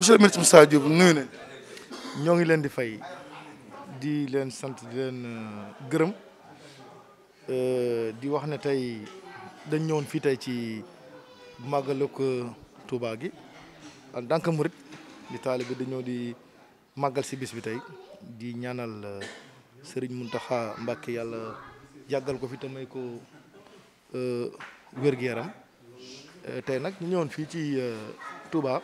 monsieur le ministre Moussa Diop nuyu nañ ñoo ngi leen di fay di leen sant di leen euh, gërëm euh, di wax ne tey dañ ñëwoon fii tey ci màggalug Touba gi en tant que murit di taalibe dañoo di màggal si bis bi tey di ñaanal euh, Serigne Mountakha Mbacké yàlla yàggal ko fi te may ko wér-gu-yaram tey nag ñu ñëwoon fii ci Touba.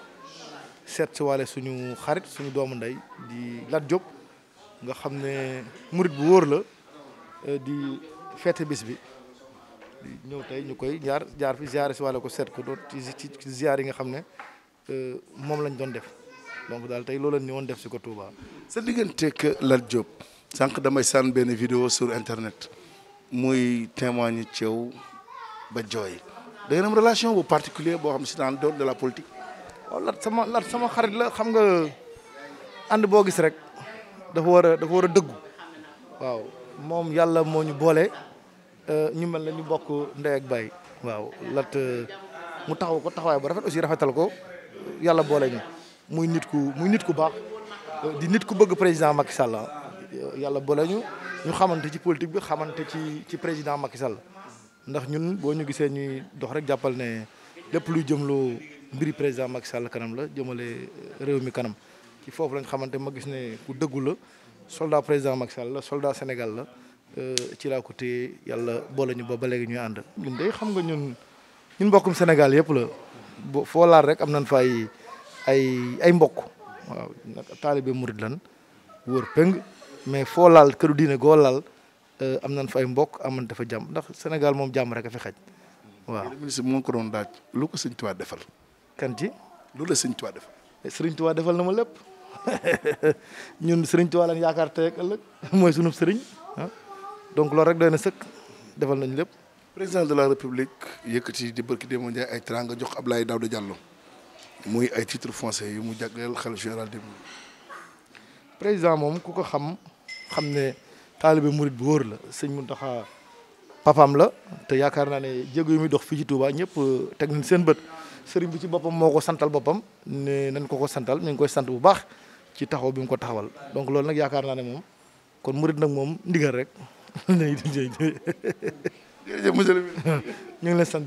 seet si waale suñu xarit suñu doomu ndey di Lat Diop nga xam ne murit bu wóor la eh, di feete bis bi ñëw tey ñu koy jaar jaar fi ziare si waale ko seet ko doon ci ci ziare yi nga xam ne eh, moom lañ doon def donc daal tey loolu la def si ko Touba. sa digganteeg Lat Diop sànq damay sànn benn vidéo sur internet muy témoigne ci yow ba jooy da ngeen am relation bu particulier boo xam si dans le domaine de la politique. waaw lat sama lat sama xarit la xam nga ànd boo gis rek dafa war a dafa war a dëggu waaw moom yàlla moo ñu boole ñu mel na ñu bokk ndey ak baay waaw lat euh, mu taxaw ko taxawaay ba rafet aussi rafetal ko yàlla boole ñu muy nit ku muy nit ku baax di nit ku bëgg président Macky Sall ah. yàlla boole ñu ñu xamante ci politique bi xamante ci ci président Macky Sall ndax ñun boo ñu gisee ñuy dox rek jàppal ne lépp luy jëm lu mbiri président Macky Sall kanam la jëmale euh, réew mi kanam ci fofu lañ xamanté ma gis ne ku deggul la soldat président Macky Sall la soldat Sénégal la euh, ci la ko téye Yalla bo lañu ba ba légui ñuy and ñun day xam nga ñun ñun bokkum Sénégal yépp la fo laar rek am nañ fay ay ay mbokk waaw nak talibé mouride lan wóor peng mais fo laal diiné go laal euh, am nañ fay mbokk am nañ dafa jam ndax Sénégal mom jam rek fa xaj waaw. ministre mo ko doon daaj lu ko seigne touba defal. kanti loolu la sëriñ Tuubaa defal. Eh, sëriñ Tuubaa defal na ma lépp ñun sëriñ Tuubaa lañ yaakaar tey ak ëllëg mooy sunu sëriñ donc loolu rek doy na sëkk defal nañ lépp. président de la république yëkkati di barki démb Ndiaye ay teranga jox Abdoulaye Daouda Diallo muy ay titre foncier yu mu jagleel xel général de président moom ku ko xam xam ne taalibe murit bu wóor la sëñ Mountakha. papam la te yaakaar naa ne jéego yu dox fi ci Touba ñepp tek ñu seen beut serigne bi ci bopam moko santal bopam ne nañ ko ko santal ñu koy sant bu baax ci taxaw bi mu ko taxawal donc lool nak yaakaar naa ne mom kon mourid nak mom ndigal rek jërëjëf monsieur le ñu ngi sant